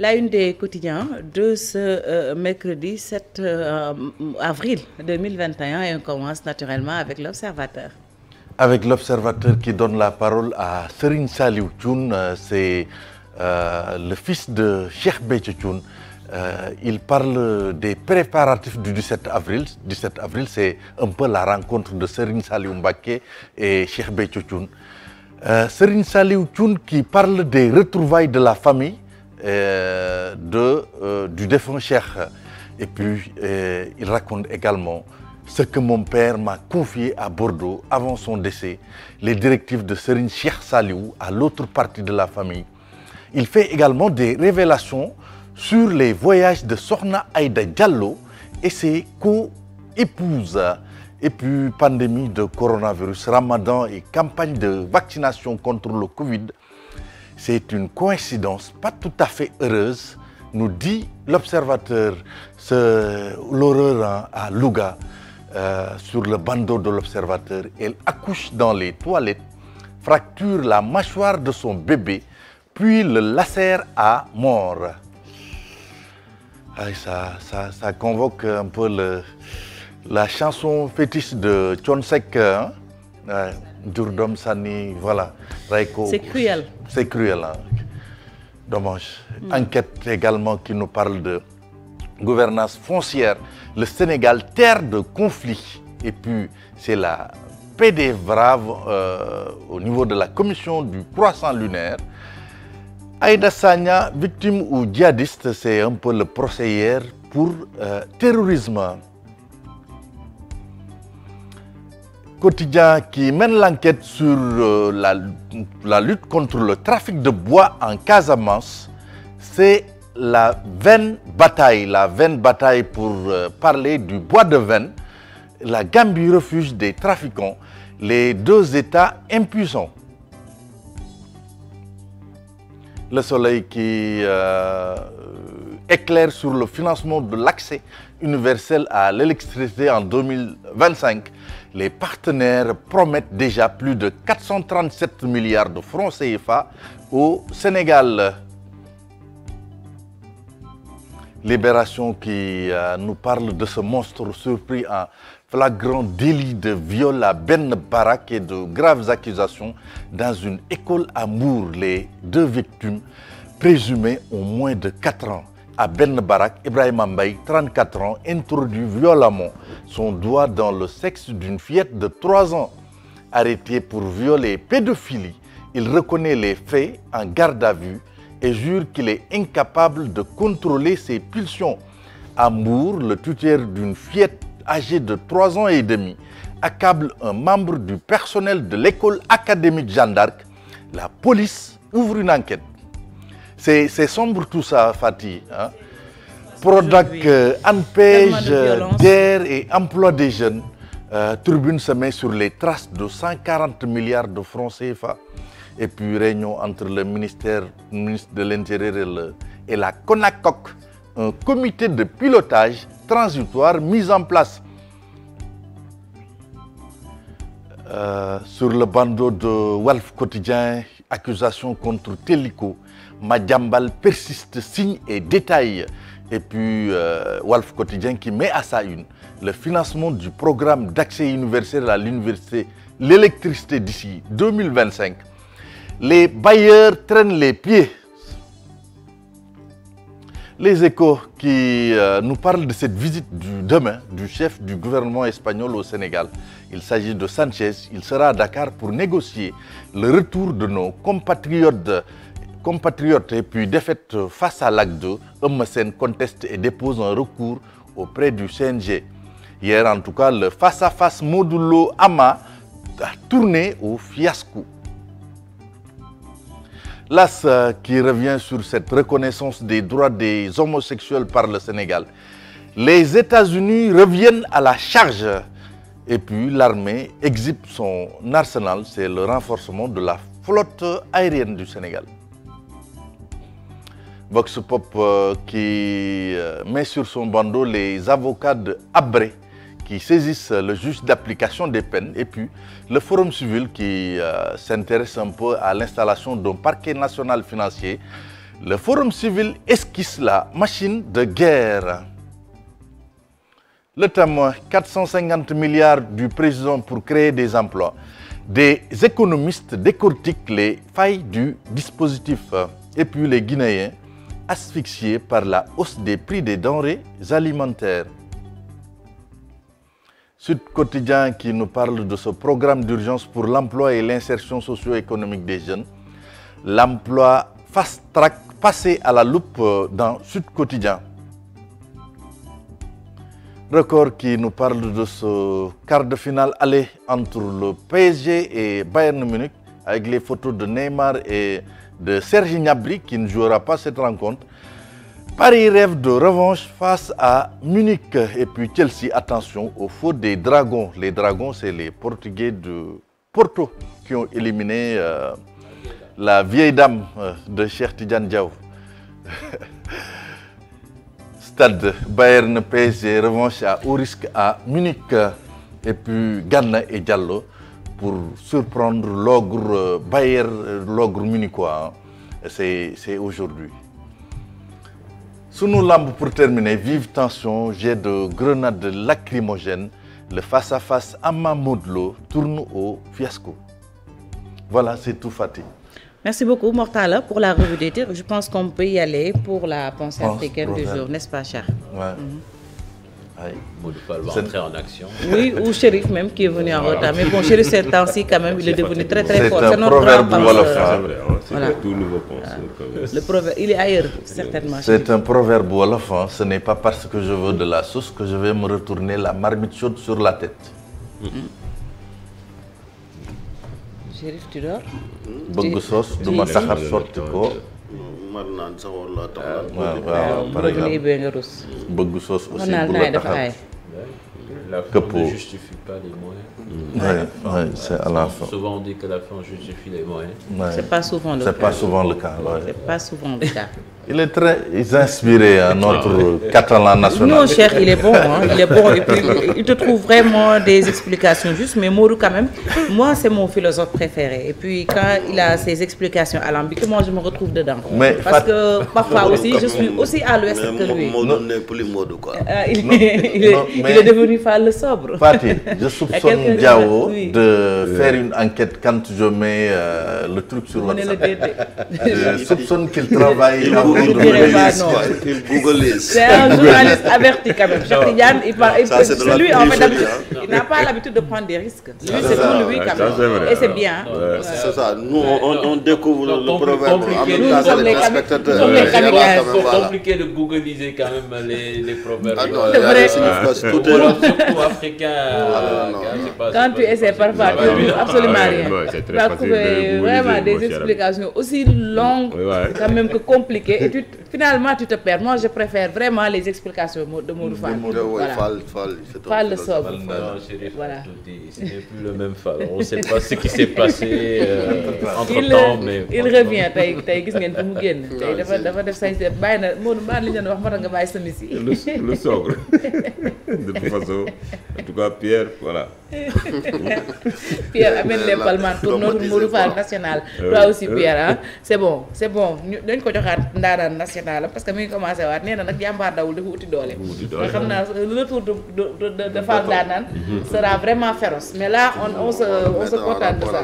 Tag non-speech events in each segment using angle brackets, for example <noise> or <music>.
la une des quotidiens de ce euh, mercredi 7 euh, avril 2021 et on commence naturellement avec l'Observateur. Avec l'Observateur qui donne la parole à Serigne Saliou Thioune, euh, c'est euh, le fils de Cheikh Béthio Thioune. Euh, il parle des préparatifs du 17 avril. 17 avril, c'est un peu la rencontre de Serigne Saliou Mbacké et Cheikh Béthio Thioune. Euh, Serigne Saliou Thioune qui parle des retrouvailles de la famille Euh, de, euh, du défunt Cheikh. Et puis, euh, il raconte également ce que mon père m'a confié à Bordeaux avant son décès, les directives de Serine Cheikh Saliou à l'autre partie de la famille. Il fait également des révélations sur les voyages de Sorna Aïda Diallo et ses co-épouses. pandémie de coronavirus, ramadan et campagne de vaccination contre le Covid. c'est une coïncidence pas tout à fait heureuse, nous dit l'observateur, l'horreur à Louga, euh, sur le bandeau de l'observateur. Elle accouche dans les toilettes, fracture la mâchoire de son bébé, puis le lacère à mort. Ah, ça, ça, ça, convoque un peu le, la chanson fétiche de Chonsek. Hein? Ouais. jur doom sànni voilà. rey ko c'est cruel. c'est hmm. enquête également qui nous parle de gouvernance foncière le Sénégal terre de conflit et puis c'est la PDVRAV euh, au niveau de la commission du croissant lunaire. Aïda Sagna victime ou djihadiste c'est un peu le procès pour euh, terrorisme. quotidien qui mène l'enquête sur euh, la, la lutte contre le trafic de bois en Casamance, c'est la vaine bataille, la vaine bataille pour euh, parler du bois de veine, la Gambie refuge des trafiquants, les deux États impuissants. Le soleil qui euh, éclaire sur le financement de l'accès universel à l'électricité en 2025 les partenaires promettent déjà plus de 437 milliards de francs CFA au Sénégal. Libération qui euh, nous parle de ce monstre en flagrant délit de viol à Ben Barak de graves dans une école à Mour. Les deux victimes présumées ont de 4 ans. à Ben Barak, Ibrahim Mbaye, 34 ans, introduit violemment son doigt dans le sexe d'une fillette de 3 ans. Arrêté pour viol et pédophilie, il reconnaît les faits en garde à vue et jure qu'il est incapable de contrôler ses pulsions. Amour, le tuteur d'une fillette âgée de 3 ans et demi, accable un membre du personnel de l'école académique Jeanne d'Arc. La police ouvre une enquête c'est c'est sombre tout ça Fati ah Prodac ANPEJ euh, DER euh, et emploi des jeunes euh, Tribune se met sur les traces de 140 milliards de francs CFA et puis réunion entre le ministère le ministre de l'Intérieur et, le, et la CONACOC un comité de pilotage transitoire mise en place euh, sur le bandeau de Walf Quotidien accusation contre Télico Madiambal persiste, signe et détaille. Et puis, euh, Wolf Quotidien qui met à sa une le financement du programme d'accès universel à l'université, l'électricité d'ici 2025. Les bailleurs traînent les pieds. Les échos qui euh, nous parlent de cette visite du demain du chef du gouvernement espagnol au Sénégal. Il s'agit de Sanchez. Il sera à Dakar pour négocier le retour de nos compatriotes compatriote et puis défaite face à l'acte 2, Eumeu Sène conteste et dépose un recours auprès du CNG. Hier, en tout cas, le face-à-face Modou Lô Ama a tourné au fiasco. L'AS euh, qui revient sur cette reconnaissance des droits des homosexuels par le Sénégal. Les États-Unis reviennent à la charge et l'armée exhibe son arsenal, c'est le renforcement de la flotte aérienne du Sénégal. Vox Pop euh, qui euh, met sur son bandeau les avocats de Abré qui saisissent le juge d'application des peines et puis le Forum civil qui euh, s'intéresse un peu à l'installation d'un parquet national financier. Le Forum civil esquisse la machine de guerre. Le thème 450 milliards du président pour créer des emplois. Des économistes décortiquent les failles du dispositif. Et puis les Guinéens asphyxiés par la hausse des prix des denrées alimentaires. Sud Quotidien qui nous parle de ce programme d'urgence pour l'emploi et l'insertion socio-économique des jeunes. L'emploi fast-track passé à la loupe euh, dans Sud Quotidien. Record qui nous parle de ce quart de finale aller entre le PSG et Bayern Munich avec les photos de Neymar de Serge Gnabry qui ne jouera pas cette rencontre. Paris rêve de revanche face à Munich et puis Chelsea. Attention au faux des Dragons. Les Dragons, c'est les Portugais de Porto qui ont éliminé euh, la vieille dame euh, de Cheikh Tidjane Diaw. <laughs> Stade Bayern PSG, revanche à haut risque à Munich. Et puis Ghana et Diallo pour surprendre l'ogre euh, Bayern, euh, l'ogre munichois. C'est aujourd'hui. Sous nos lampes, pour terminer, vive tension, jet de grenades lacrymogènes, le face-à-face Amma Modlo tourne au fiasco. Voilà, c'est tout Fatih. Merci beaucoup, Mortala, pour la revue des titres. Je pense qu'on peut y aller pour la pensée africaine du jour, n'est-ce pas, cher mhm. Oui. Modou Fall va entrer en action. Oui, ou Chérif même qui est venu en retard. Mais bon, Chérif, ces temps-ci, quand même, il est devenu très très fort. C'est un proverbe wolof. C'est voilà. tout nouveau penseur. Ah. Le proverbe, il est ailleurs, certainement. C'est un proverbe wolof. Ce n'est pas parce que je veux de la sauce que je vais me retourner la marmite chaude sur la tête. Chérif, tu dors bëgg soos du ma saxar sotti ko mar naan sax war laa tax ah, waaw ah, par bëgg soos aussi bu la taxal euh, la fin souvent on dit que la souvent le cas c'est pas souvent le cas. c'est pas souvent le cas. il est très inspiré, hein, notre catalan national. Non, cher, il est bon. il est bon. il te trouve vraiment des explications justes. Mais Mourou, quand même, moi, c'est mon philosophe préféré. Et puis, quand il a ses explications alambiques, moi, je me retrouve dedans. Parce que parfois aussi, je suis à l'ouest que lui. Plus mode, quoi. Euh, mais... <laughs> il, Diao de, faire une enquête quand je mets euh, le truc sur WhatsApp. je soupçonne qu'il travaille. vous ne direz pas non. Il googlise. C'est un journaliste <laughs> averti quand même. Cheikh il n'a pas l'habitude de prendre des risques. Et c'est bien. Nous, on découvre le proverbe. En quand même les proverbes. Ah c'est vrai. Surtout ah euh, Quand tu essaies parfois, ah absolument rien. vraiment des explications aussi longues quand même que compliquées. étude finalement tu te perds moi je préfère vraiment les explications de Modou Fall. voilà Fall Fall Fall le sobre. voilà ce n'est plus le même Fall on ne sait pas ce qui s'est passé. Euh, entre-temps mais il revient tey tey gis ngeen fi mu génn. <laughs> tey dafa dafa def sañ seet bàyyi na Modou Mbane li ñu doon wax moo tax nga bàyyi semis yi. <laughs> le le sobre <laughs> de toute façon en tout cas Pierre voilà. Pierre amène les palmarès pour notre Modou Fall national. Euh, toi aussi euh. Pierre ah c'est bon wàcce naa la parce que mi ngi commencé waat nee na nag jàmbaar dawul dafa uti doole. uti xam naa le retour de de mhm. sera vraiment féroce mais on on se on se contente de ça.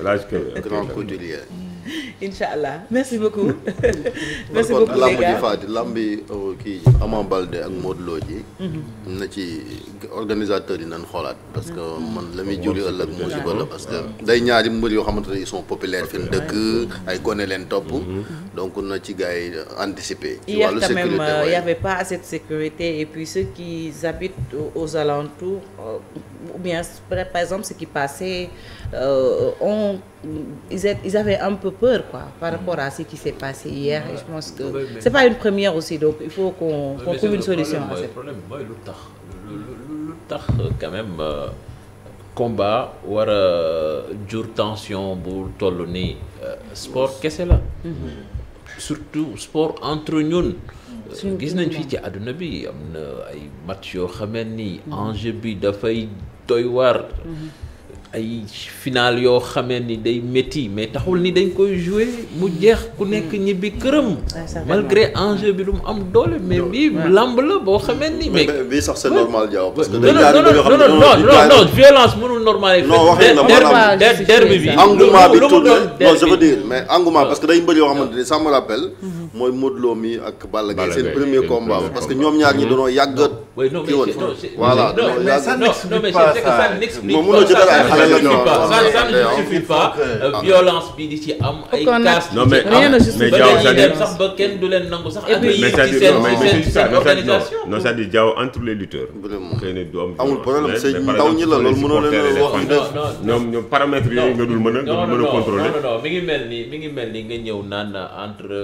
El Hadj <laughs> incha allah merci beaucoup. <laughs> merci beaucoup <laughs> les gars kon lamb yi euh, kii Ama Balde ak Modou Lo ji. Mhm. na ci organisateurs yi nañ xoolaat. parce que mhm. man la muy juri ëllëg la parce que day ñaari mbër yoo xamante ne ils sont populaires fi mu dëkk ay gone leen topp. Mhm. donc na ci gars yi anticiper. ci y euh, avait pas de sécurité et puis ceux qui habitent aux alentours euh, ou bien par exemple ce qui passait on ils avaient peur quoi par rapport à ce qui s'est passé hier je pense que c'est pas une première aussi donc il faut qu'on qu'on trouve une solution à lu tax lu tax quand même euh, combat war a euh, jur tension bu toll nii euh, sport kese la mhm. surtout sport entre ñun gis nañ fii ci àdduna bi am na ay match yoo xamee ni enjeu bi dafay doy waar mhm. ay final yoo xamee ni day métti mais taxul ni dañ koy jouer mu jeex ku nekk ñibbi këram. malgré enjeu bi du mu am doole. mais bii lamb la boo xamee ni. mais bii sax c'est normal Diaw parce que. dañ daan bëgg xam ne non non non violence mënul bi engouement bi tout non je veux dire parce que day mbër yoo xamante ni ça rappelle. Mm-hmm. mooy Modou Lo mi ak Balla Gaye seen premier combat parce que ñoom ñaar ñi mm-hmm. dañoo yàgg ki woon voilà mais ça n'explique euh, violence bi di ci am ay casse non mais mais Diaw c'est-à-dire sax ba kenn du leen nangu sax ak yi ci seen ci seen organisation non c'est-à-dire entre les lutteurs amul problème c'est ndaw ñi la loolu mënoo wax ñu def ñoom ñoom paramètres yooyu a nga dul a contrôler non non mi ngi mel ni mi ngi mel ni nga ñëw naan entre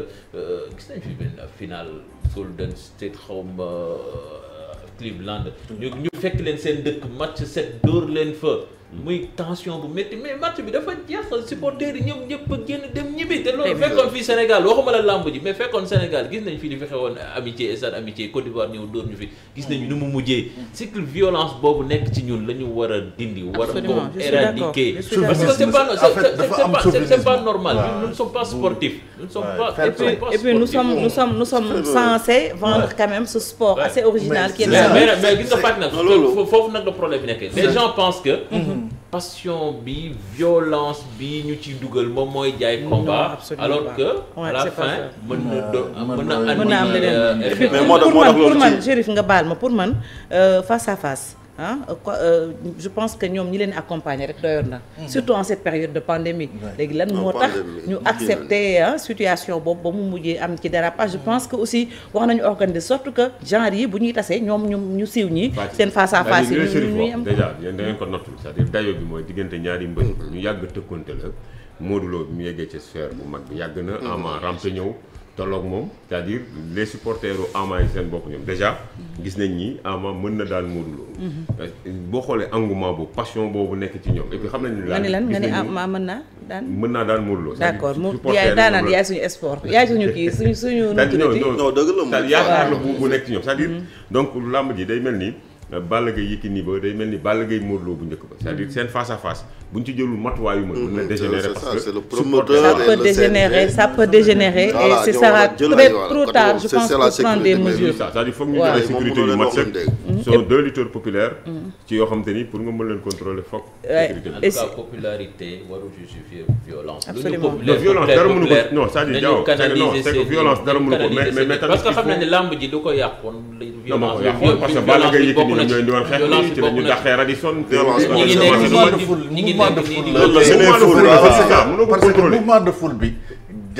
gis nañ fi benn final Golden State xaw ma euh, Cleveland. Mm. ñu ñu fekk leen seen dëkk match set dóor leen fa. Mm-hmm. muy tension bu métti mais match bi dafa jeexal supporters yi ñoom ñëpp a génn dem ñibbi. te loolu fekkoon fii Sénégal waxuma la làmb mais fekkoon Sénégal gis nañ fi li fi xewoon amitié stade amitié d'Ivoire ñëw dóor ñu fi. gis nañu ni mu mujjee. Mm-hmm. cycle violence boobu nekk ci ñun la ñu war a dindi. war a ko parce que c'est pas normal. ñun nous pas mm-hmm. sportifs. nous ne pas et puis et puis nous sommes vendre quand même ce sport assez original. qui est passion bi violence bi ñu ci dugal moom mooy jaay combat alors que ouais, na do euh, euh, mais moo tax pour man Chérif nga baal ma pour man euh, face à face ah je pense que ñoom ñi leen accompagner rek doyoon na. Mhm. surtout en cette période de pandémie léegi lan moo tax ñu accepter situation boobu ba mu mujjee am ci dérapage je mhm. pense que aussi wax nañu organiser sorte que genre yi bu ñuy tasee ñoom ñu ñu siiw ñi seen face à face yi ñuy am déjà diggante ñaari mbër mhm. ñu yàgg tëkkonte la Modou Lo bi mu yeggee ci sphère bu mag bi yàgg na ama rampe ñëw tolloog moom c'est-à-dire les supporters yu Ama yi seen bopp ñoom déjà. gis nañ ni Ama mën na daan Modou Lo. boo xoolee engouement boobu passion boobu nekk ci ñoom. xam nañ ne lan nga ni Ama mën naa daan. mën naa daan Modou Lo. d'accord moom yaay daanaan yaay suñu sport yaay suñu kii suñu suñu. non dëgg la yaakaar la bu bu nekk ci ñoom c'est-à-dire mm-hmm. donc làmb ji day mel ni euh, Balla Gaye Yékini ba day mel ni Balla Gaye Modou Lo bu njëkk ba cest à seen face à face. bu ñu ci jëlul matuwaay yu mën mhm. na dégénérer parce que ça peut dégénérer et ce sera trop tard je pense pour prendre des mesures c'est-à-dire foog ñu jëlee sécurité yu mat Mmh. sont deux lutteurs populaires. Mmh. ci yoo xam te ni pour nga mën leen contrôler foog. sécurité en popularité violence. dara mënu ko non c'est-à-dire jaww non violence dara mënu ko mais mais mais parce que xam ne làmb ji lu ko yàqoon. violence parce que Balla Gaye Yékini ñoom ñooy diwaan xeex bi ci la ñu dàqee Radisson. violence ngi nekk mouvement de foule la ñu ngi nekk mouvement de foule la. loolu la c'est ça mënoo ko contrôler parce que mouvement de foule bi.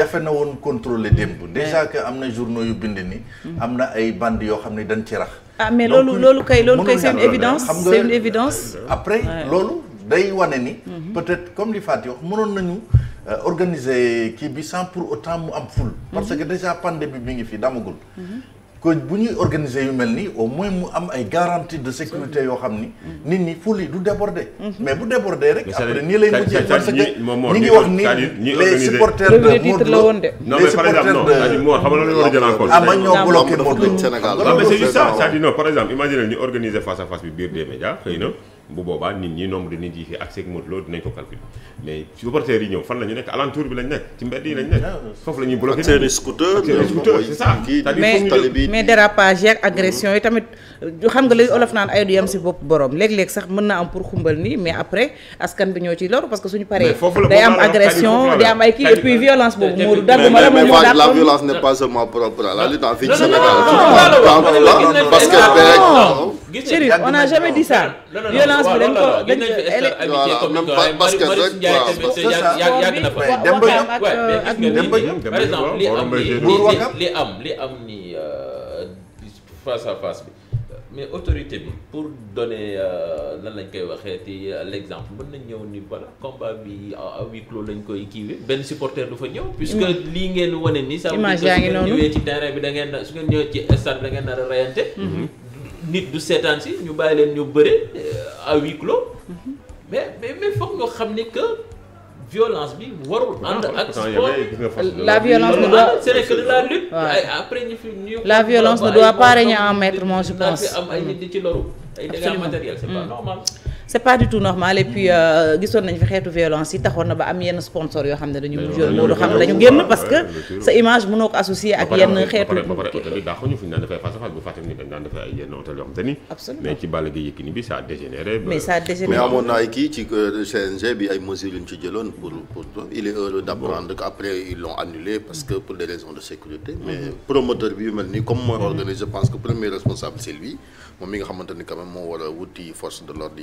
jafe na woon contrôler démb mm. déjà que am na journaux yu bind nii mm. am na ay bande yoo xam ne dañ ci rax ah mais loolu loolu kay loolu kay c'est une évidence c'est une évidence après loolu day wane ni mm-hmm. peut-être comme li Fatou wax mënoon nañu euh, organiser kii bi sans pour autant mu am ful mm-hmm. parce que déjà pandémie bi mi ngi fii damagul mm-hmm. que bu ñuy organiser yu mel nii au moins mu am ay garantie de sécurité yoo xam ni. Mm. nit ñi foule yi du déborder. Mm-hmm. mais bu déborder rek. après nii lay mujjee parce que ñi ngi wax ni les supporters de Modou Lo. les de non mais par exemple non xam nga war a jël en compte. ah ma ñoo bloqué Modou Sénégal. non mais c'est juste ça cest à par exemple imagine ñu organiser face à face bi biir des médias xëy na. bu boobaa nit ñi nombre de nit yi ak seeg Modou Lo dinañ ko calculer mais supporters yi ñëw fan la nekk alentour bi lañ nekk ci mbedd yi lañ nekk. foofu la ñuy bloqué. ak seen i mais mais dérapage agression yi tamit xam nga lay olof naan ay du yam si bopp borom léeg-léeg sax mën na am pour xumbal ni mais après askan bi ñoo ci loru parce que suñu paree. day am agression day am ay kii et violence boobu Modou dagg la mu ñëw la Chérif on n'a jamais dit ça. violence bi dañ ko dañ ko parce que rek li am li am ni face à face bi mais autorité bi pour donner lan lañ koy waxee ti l'exemple mun nañ ñëw ni voilà combat bi à huis lañ koy kiiwee benn supporter du fa ñëw puisque lii ngeen wane ni ça image yaa ngi noonu ñëwee ci terrain bi dangeen ngeen su ngeen ñëwee ci stade da ngeen nar reyante nit du seetaan si ñu bàyyi leen ñu bëre euh, à huis clos mhm. mais mais mais foog xam ni que violence bi warul ah, ànd ak sport la violence ne doit c'est que la lutte ay après ñu fi ñu la violence ne doit pas régner en nit di ci loru ay dégâts matériels c'est pas mm. c' est pas du tout normal et puis euh, gisoon nañ fi xeetu violence yi taxoon na ba am yenn sponsor yoo xam ne dañu mujjoon loolu xam dañu génn parce que sa image mënoo ko associé ak yenn xeetu ba pare hôtel yi daaxuñu fu ñu daan defay face à face bu fàttali ni dañ daan defay ay yenn hôtel yoo xam te ni absolument mais ci Balla Gaye Yékini bi ça a dégénéré mais ça a dégénéré mais amoon na ay kii ci euh, CNG bi ay mesures yu ñu ci jëloon pour pour il est heureux d' apprendre que après ils l'ont annulé parce que pour des raisons de sécurité mais mm-hmm. promoteur bi yu mel nii comme mooy mm-hmm. organisé je pense que premier responsable c'est lui moom mi nga xamante ni quand même moo war a wuti force de l'ordre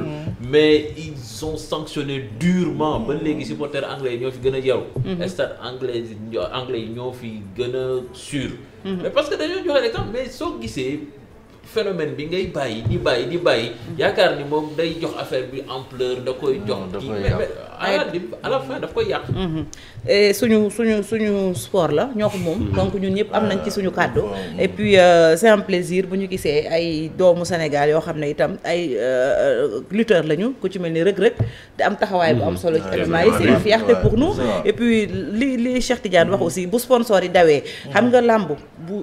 amul mais ils ont sanctionné durement ba léegi supporter anglais yi ñoo fi gën a yaru mhm. stade anglais anglais yi ñoo fi gën a sûr mhm. mais parce que dañoo joxe exemple mais soo gisee phénomène bi ngay bàyyi di bàyyi di bàyyi. Mm-hmm. yaakaar ni moom day jox affaire bi ampleur da koy mm-hmm. jox. da koy à la fin daf koy yàq. Mm-hmm. Eh, suñu suñu suñu sport la ñoo ko moom. donc ñun ñëpp am nañ ci suñu kàddu. et puis euh, c'est plaisir bu ñu gisee ay doomu Sénégal yoo xam ne itam ay euh, lutteurs lañu ku ci mel ni rëg-rëg te am taxawaay bu am solo ci événement yi c'est une fierté pour nous. et li li Cheikh Tidiane wax aussi bu sponsor yi dawee. xam nga làmb bu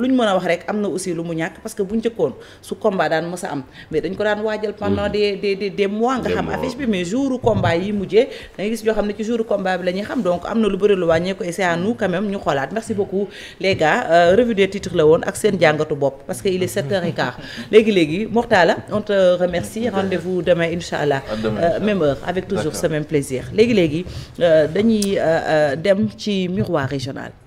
luñ mën a wax rek am na aussi lu mu ñàkk parce fekkoon su combat daan mës a am mais dañ ko daan waajal pendant des des des mois nga xam affiche bi mais jouru combat yi mujjee da gis yoo xam ne ci jouru combat bi la xam donc am na lu bëri lu wàññee ko et c'est à nous quand même ñu xoolaat merci beaucoup les gars euh, revue des la woon ak seen jàngatu bopp parce que il est 7 heures et quart léegi-léegi <laughs> Mortala on te remercie rendez-vous demain incha allah euh, même heure avec toujours ce même plaisir léegi-léegi euh, dañuy dem ci miroir régional